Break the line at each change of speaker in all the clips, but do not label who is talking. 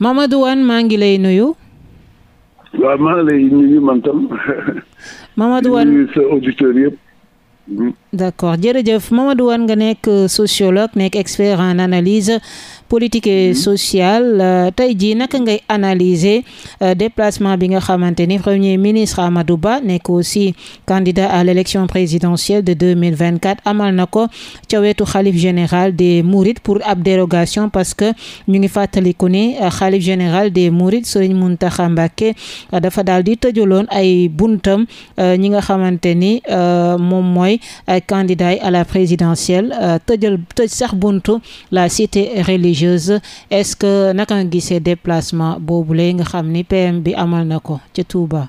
Mamadou wan maa ngi lay nuyu.
waaw maa lay nuyu man tam.
Mamadou Wane nuyu
sa auditeurs yëpp.
d' accord jërëjëf Mamadou Wane nga nekk sociologue nekk expert en analyse politique et mhm. sociale euh, tey jii naka ngay analyser euh, déplacement bi nga xamante ni premier ministre Amadou Ba nekk aussi candidat à l'élection présidentielle de 2024 amal na ko ca wetu xalif général de mouride pour ab dérogation parce que ñu ngi fàttaliku ni euh, xalif général des Mourides Serigne Mountakha Mbacké dafa daal di tëjuloon ay buntam ñi nga xamante ni moom mooy ay candidat yi à la présidentielle tëjal tëj sax buntu la cité religieuse religieuse est-ce que naka nga gisee déplacement boobu lay nga xam ni PM bi amal na ko ca Touba.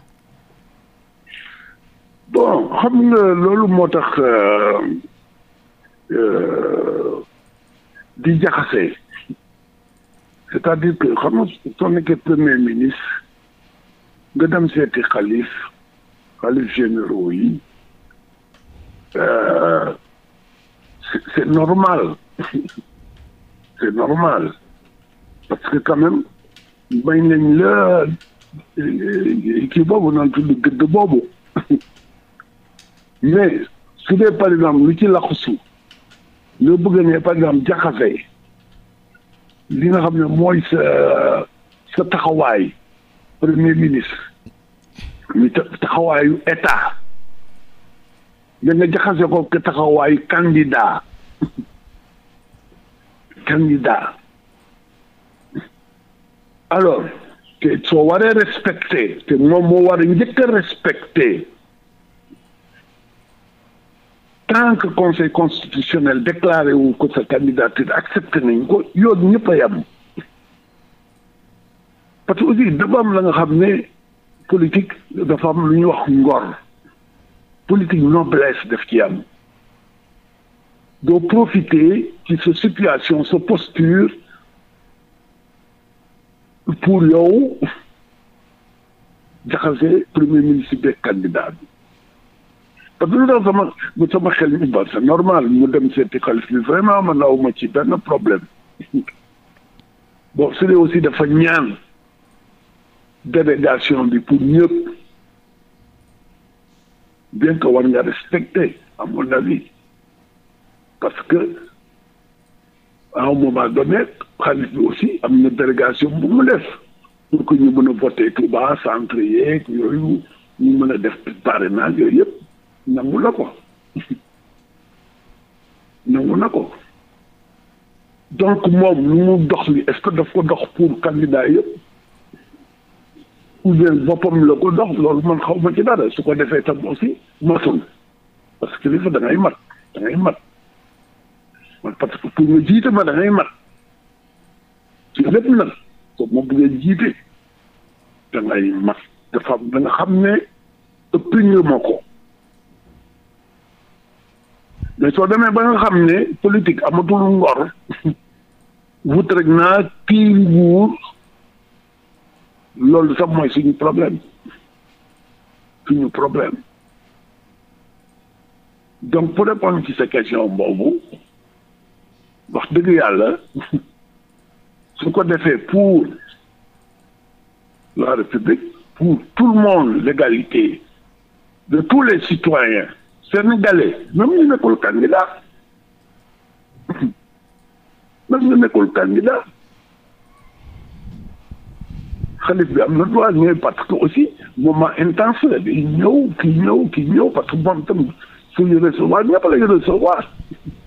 bon xam nga loolu moo tax euh, euh, di jaxase c'est-à-dire que xam nga soo nekkee premier ministre nga dem seeti xalif xalif généraux yi euh, c'est normal c'est normal parce que quand même bañ nañ la kii boobu noonu gëdd boobu mais su dee par exemple lu ci laxasu loo bëgg ne par exemple jaxase li nga xam ne mooy sa sa taxawaay premier ministre ñu taxawaayu état da nga jaxase ko ke taxawaayu candidat alors te soo waree respecté te moom moo war a njëkk a respecté tant que conseil wu ko sa candidature accepté nañ ko yoon ñëpp a yam parce que aussi dafa am la nga xam ne politique dafa am lu ñuy wax ngor politique noblesse def ci yam doit profiter ci sa situation sa posture pour yow jaxase premier ministre beeg candidat bi parce que lu tax sama sama xel mi ba c'est normal mu dem seeti xalif bi vraiment man aw ma ci benn problème bon su dee aussi dafa ñaan délégation bi pour ñëpp bien que war nga respecter à mon avis parce que à un moment donné aussi am na délégation bu mu def pour que ñu mën a voté Touba centre yeeg yooyu ñu mën a def parrainage yooyu yëpp nangu na ko nangu na ko donc moom lu mu dox li est-ce que daf ko dox pour candidat yëpp ou bien boppam la ko dox loolu man xaw ma ci dara su ko defee tam aussi matul parce que li fa da mat da mat man parce que pour nga jiite ma da ngay mat ci lépp nag kooku moom bu ngeen jiite da mat dafa da nga xam ne ëpp nga ma ko mais soo demee ba nga xam ne politique amatul ngor wut rek naa kii nguur loolu sax mooy suñu problème ñu problème donc pour répondre ci sa question boobu wax dëgg yàlla su ko defee pour la république pour tout le monde l'égalité de tous les citoyens sénégalais même ñu nekkul candidat même ñu nekkul candidat xalif bi am na droit ñëw parce que aussi moment intense la di ñëw ki ñëw ki ñëw parce que moom tam suñu recevoir ñëpp la ñu recevoir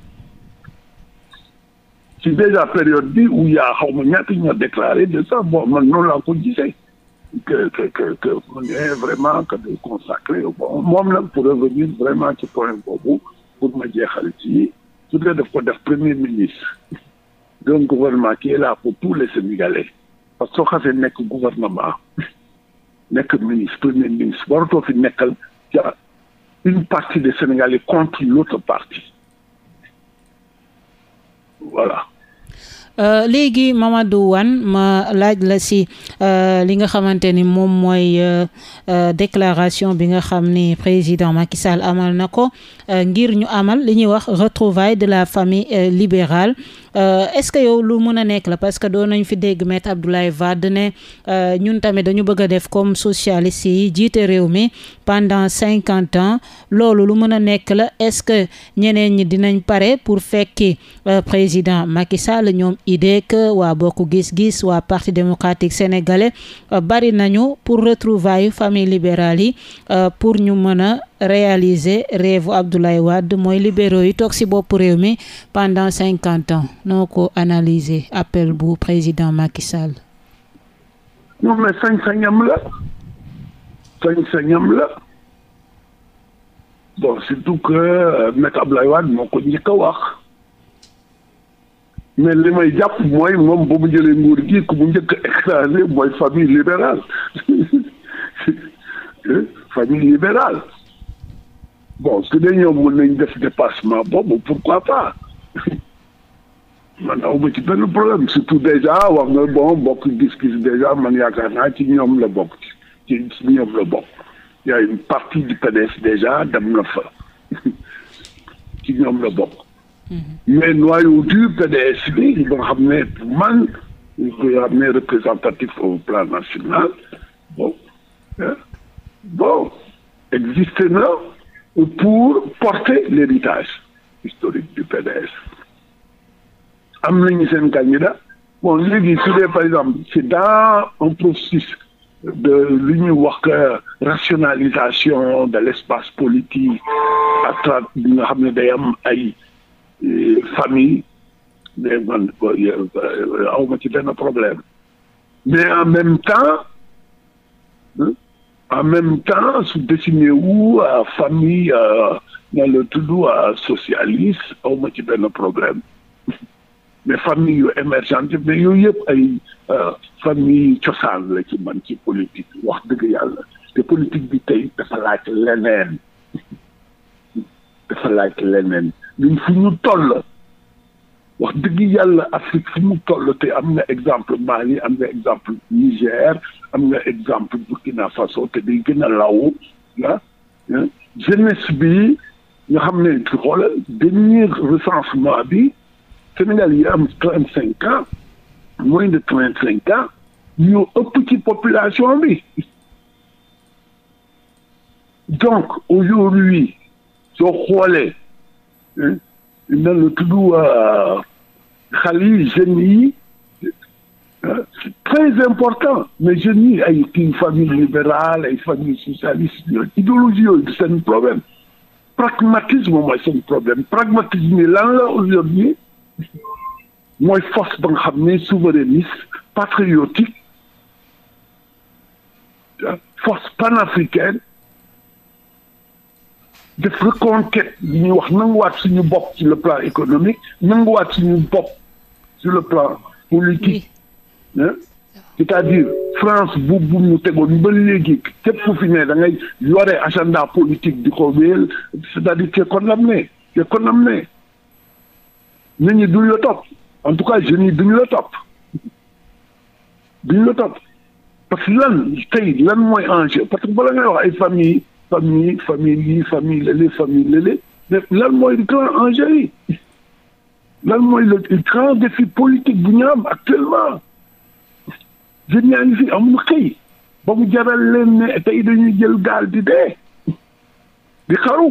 ci déjà période bi où il y a xaw ma ñaata ñoo déclaré de ça bon man noonu laa ko gisee que que que que on est vraiment de consacré bon moom nag pour revenir vraiment ci point boobu pour ma jeexal ci su dee daf ko def premier ministre d'un gouvernement qui est là pour tous les Sénégalais parce que soo xasee nekk gouvernement nekk ministre premier ministre waratoo fi nekkal ca une partie des Sénégalais contre l'autre partie voilà
Euh, léegi Mamadou Wane ma laaj la si euh, li nga xamante ni moom mooy euh, déclaration bi nga xam ni président Macky Sall amal na ko ngir ñu amal li ñuy wax retrouvailles de la famille libérale est-ce que yow lu mën a nekk la parce que doon nañ fi dégg maître Abdoulaye Wade ne ñun tamit dañu bëgg a def comme socialiste yi jiite réew mi pendant cinquante ans loolu lu mën a nekk la est-ce que ñeneen ñi dinañ pare pour fekki président Macky ñoom IDEC waa bokk gis-gis waa parti démocratique sénégalais euh, bari nañu pour retrouvailles famille libérale yi euh, pour ñu mën a réaliser rêve Abdoulaye Wade mooy libéraux yi toog ci bopp réew mi pendant cinquante ans noo ko analyser appel bu président Macky Sall.
non sañ-sañam la sañ-sañam la bon surtout que euh, maître Abdoulaye Wade moo ko njëkk wax. mais li may jàpp mooy moom ba mu jëlee nguur gi ku mu njëkk a écrasé mooy famille libérale famille libérale bon su dee ñoom mën nañ def dépassement boobu pourquoi pas man awma ci benn problème surtout déjà wax nga bon bokk gis-gis déjà man yaakaar naa ci ñoom la bokk ci ci ñoom la bokk y a une partie du dem na fa ci ñoom la bokk Mm-hmm. mais noyau dur PDS bi boo xam ne man ñu koy xam ne représentatif au plan national bon bon pour porter l'héritage historique du PDS am nañu seen candidat bon léegi su dee par exemple c'est dans un processus de lu ñuy wax rationalisation de l'espace politique à travers bi nga xam ne day am ay famille mais man euh, aw ma ci benn problème mais en même temps en même temps su dessiné wu à famille na la tudd à socialiste aw ma ci benn problème mais famille yu émergente mais yooyu yëpp ay euh, famille cosaan la ci man ci politique wax dëgg yàlla te politique bi tey dafa laaj leneen dafa ñun fi wax dëgg yàlla Afrique fi mu toll te am na exemple Mali am na exemple Niger am na exemple Burkina Faso te day a law ah, ah jeunesse bi nga xam ne ci xoolal dernier recensement bi Sénégal yi am trente cinq ans moins de trente cinq ans ñoo ëpp ci population bi donc aujourd'hui soo xoolee nan la tudd xale yi jeunes yi ah, très important mais jeunes ay ki famille libérale ay famille socialiste idéologie yooyu seen problème pragmatisme mooy seen problème pragmatisme yi lan la aujourd'hui mooy force ba nga xam ne souverainiste patriotique ah, force panafricaine def reconquête bi ñuy wax nanguwaat suñu bopp sur le plan économique nanguwaat suñu bopp sur le plan politique hein c'est-à-dire France bu bu ñu tegoon ba léegi képp ku fi ne da ngay yore agenda politique di ko wéel c'est-à-dire c'est condamné c'est condamné nit ñi duñ la topp en tout cas jeunes yi duñ la topp duñ la topp parce que lan tey lan mooy enjeu parce que bala ngay wax ay famille famille famille lii famille lële famille lële mais lan mooy grand enjeu yi lan mooy le grand défi politique bu ñu am actuellement jeunes yaa ngi fi amul xëy ba mu jaral leen ne tey dañuy jël gaal di dee di xaru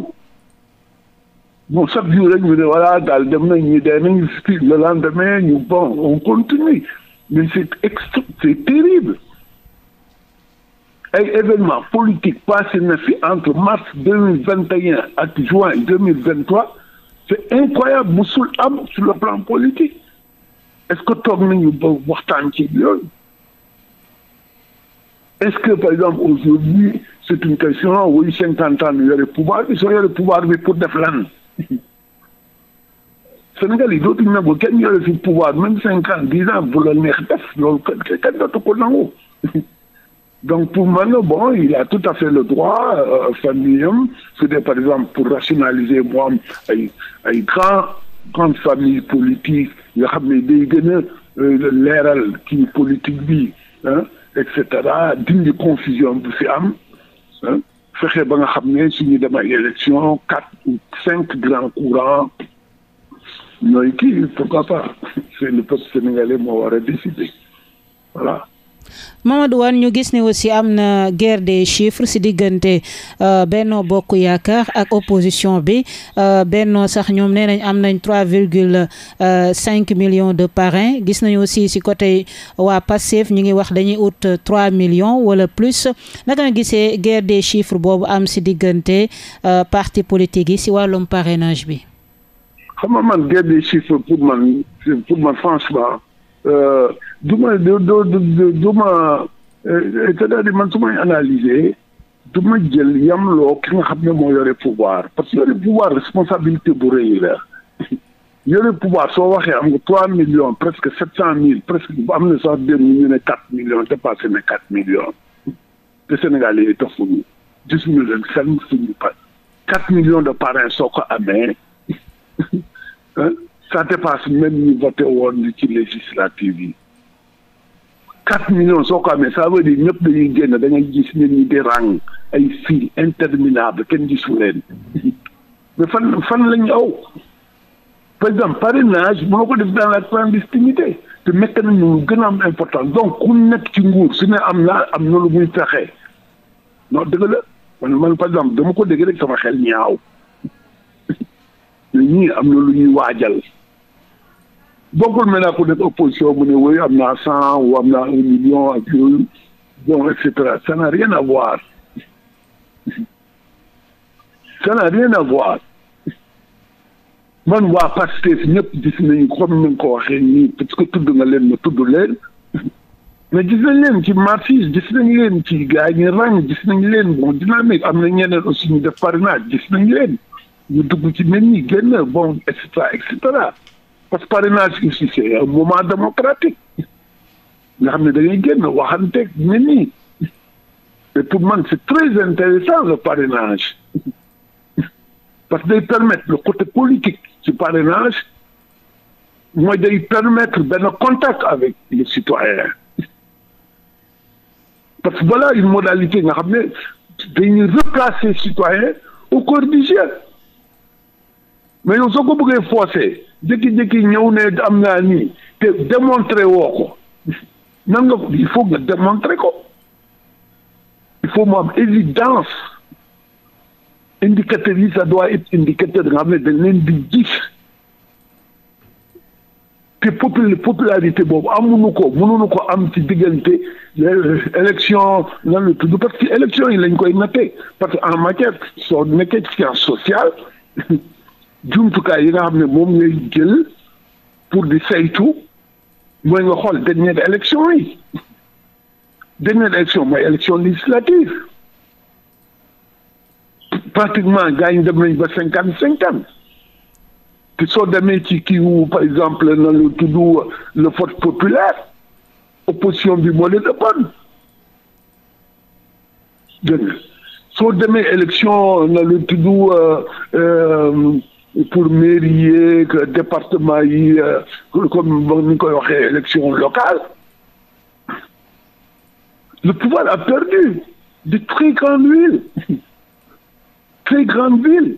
bon chaque jour rek ñu ne voilà daal dem nañ ñu dee nañu fi le lendemain ñu bon on continue mais c'est extra c'est terrible ay événement politique passé na fi entre mars deux mille vingt et un ak juin deux mille vingt trois c'est incroyable musul am sur le plan politique est-ce que toog nañu ba waxtaan ci yooyu est-ce que par exemple aujourd'hui c'est une question wuyu cinquante ans ñu yore pouvoir bi soo yore pouvoir bi pour def lan Sénégal yi dootuñu nangu kenn yore même cinq ans dix ans bu la neex def loolu kenn Donc pour Mano, bon, il a tout à fait le droit, euh, familium, c'était par exemple pour rationaliser moi, un grand, grande famille politique, il y a des euh, leeral kii politique bi et cetera dindi confusion bu fi am fexe ba nga xam ne suñu dem ay élection quatre ou cinq grands courants ñooy kii pourquoi pas c'est le peuple sénégalais moo war a décider voilà
Mamadou Wane ñu gis ne aussi am na guerre des chiffres si diggante euh, Benno Bokk Yaakaar ak opposition bi euh, Benno sax ñoom nee nañ am nañ trois virgule euh, cinq millions de parrains gis nañu aussi si côté waa Pastef ñu ngi wax dañuy ut trois millions wala plus naka nga gisee guerre des chiffres boobu am si diggante parti politique yi si wàllum parrainage bi.
xam nga man guerre des chiffres pour man pour man Euh, du ma du du du ma euh, c'est-à-dire man su may analyser du ma jël loo ki nga xam ne moo yore pouvoir parce que yore pouvoir responsabilité bu rëy la yore pouvoir soo waxee am nga trois millions presque sept cent mille presque am na sax démb ñu ne quatre millions dépassé na quatre millions te Sénégal yi tax fu ñu dix millions seen suñu pas millions de parrains soo ko amee ça dépasse même ñu voté woon ci législative yi quatre millions soo ko amee ça veut dire ñëpp dañuy génn da ngay si nit ñi di rang ay fil interminable kenn gisu leen mais fan fan lañ aw par exemple parrainage mënoo ko def dans la clandestinité te mécanisme lu gën a am importance donc ku nekk ci nguur si ne am naa am na lu muy fexe non dëgg la man man par exemple dama ko dégg rek sama xel ñaaw ñii am na lu ñuy waajal bokkul maintenant ku def opposition mu ne woy am naa cent ou am naa un million ak yooyu bon et cetera ça rien à voir ça rien à voir man waa Pastef ñëpp gis nañu comme ni nga ko waxee nii parce que tudd nga leen ma tudd leen mais gis nañ leen ci marchés gis nañ leen ci gars yi ñu rang gis nañ leen bon am na ñeneen aussi ñu def parrainage gis nañ leen ñu dugg ci mel ni génn bon et cetera parce que parrainage aussi c'est un moment démocratique nga xam ne da ngay génn waxanteeg nit ñi pour man c'est très intéressant le parrainage parce que day permettre le côté politique ci parrainage mooy day permettre benn contact avec les citoyens parce que voilà une modalité nga xam ne dañuy replacer citoyen au corps mais yow soo ko bëggee forcé jékki-jékki ñëw ne am naa nii te démontrer woo ko nan nga il faut nga démontrer ko il faut mu am évidence indicateurs yi ça doit être indicateur nga xam ne dañ leen di gis te popul popularité boobu amuñu ko mënuñu ko am ci diggante élection lan la tudd parce que élection yi lañ koy nattee parce que en matière soo nekkee ci science sociale jumtukaay yi nga xam ne moom ngay jël pour di saytu mooy nga xool dernière élection yi dernière élection mooy élection législative pratiquement gars yi dem nañ ba cinquante cinquante te soo demee ci kii wu par exemple na lu tudd le vote populaire opposition bi moo leen ëppoon dégg nga soo demee élection na lu euh, euh, pour mairie yeeg département yi euh, comme ni ñu koy waxee élection locale le pouvoir a perdu de très grandes villes très grandes villes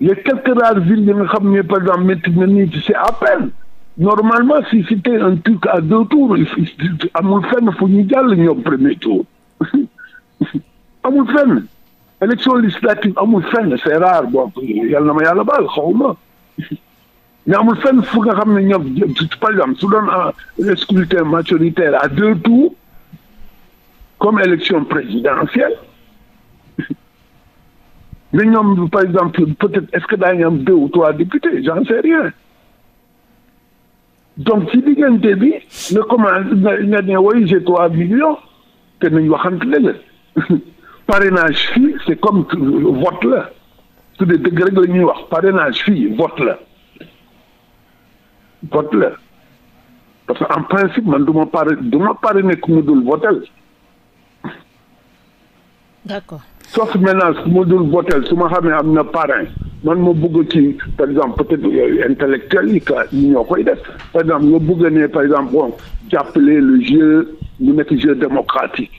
les quelques rares villes yi nga xam ne par exemple métti na nii c'est à peine normalement si c'était un truc à deux tours amul fenn fu ñu jàll ñoom premier tour amul fenn élection législative amul fenn c'est rare bon yàlla na ma yàlla baal xawma mais amul fenn fu nga xam ne ñoom par exemple su doon un scrutin majoritaire à deux tours comme élection présidentielle mais ñoom par exemple peut-être est-ce que daañu am deux ou trois députés j'en sais rien donc ci diggante bi nga commencé nga ne woy j'ai trois millions te nañ waxante dëgg parrainage fii c'est comme vote la su dee dëgg rek la ñuy wax parrainage fii vote la vote la parce que en principe man du ma pare du ma parrainer ku mu dul votel d'accord sauf maintenant ku mu dul votel su ma xamee am na parrain man ma bëgg ci par exemple peut-être yooyu euh, intellectuel yi ka ñoo koy def par exemple nga bëgg ne par exemple bon jàppale le jeu mu nekk jeu démocratique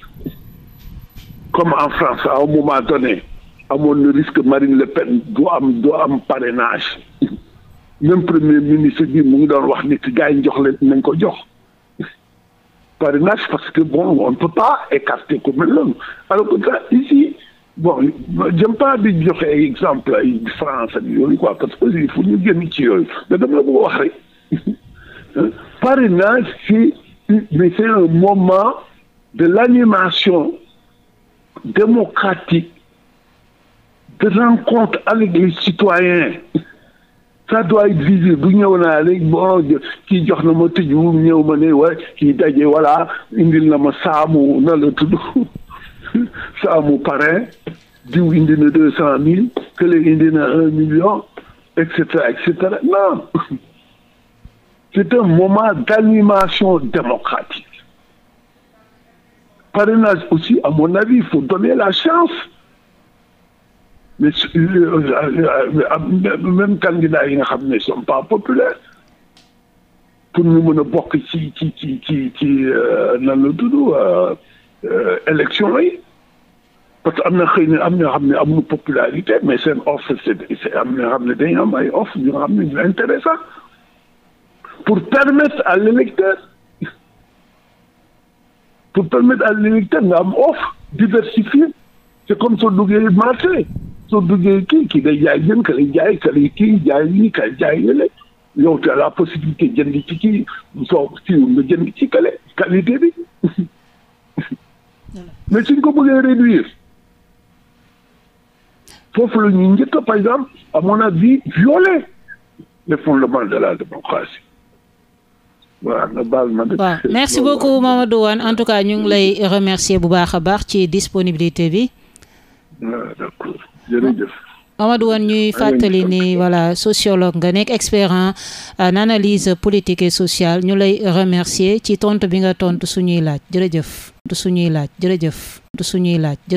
comme en France à un moment donné amoon na risque Marine Le Pen du am du am parrainage même premier ministre bi mu ngi doon wax ni ci yi jox leen nañ ko jox parrainage parce que bon on ne peut pas écarter ko mel noonu alors que ça ici bon jëm pas di jox ay exemple ay France ak parce que aussi fu ñu génn ci yooyu mais dama la bëgg wax rek parrainage c'est un moment de l'animation démocratique de rencontre avec les citoyens ça doit être visible bu ñëw naa rek bon kii jox na ma tëj bu ñëw ma ne waaye kii daje voilà indil na ma saamu na la tudd saamu parrain diw indi na deux cent mille kële indi na un million et cetera et cetera non c'est un moment d'animation parrainage aussi, à mon avis, il faut donner la chance. Mais euh, euh, euh, même candidats yi nga xam ne sont pas populaires pour ñu mën a bokk ci ci ci ci ci la tudd élection yi parce que am na xëy na am na xam ne amuñu popularité mais seen offre c'est am na xam ne dañu am ay offre ñu nga xam intéressant pour permettre à l'électeur pour permettre à l'électeur nga am offre diversifiée c'est comme soo duggee marché soo duggee ki kii day jaay jën kale jaay kale kii jaay lii kale jaay yële yow tu as la possibilité jënd ci kii soo siw nga jënd ci kale qualité bi mais suñ ko bëggee réduire foofu la ñuy njëkk par exemple à mon avis violer les fondements de la démocratie waaw merci
beaucoup Mamadou wan en tout cas ñu ngi lay remercier bu baax a baax ci disponibilité bi. waaw d'accord ñuy fàttali ni voilà sociologue nga nekk expert en analyse politique et sociale ñu lay remercier ci tontu bi nga tontu suñuy laaj jërëjëf. tontu suñuy laaj jërëjëf. tontu suñuy laaj.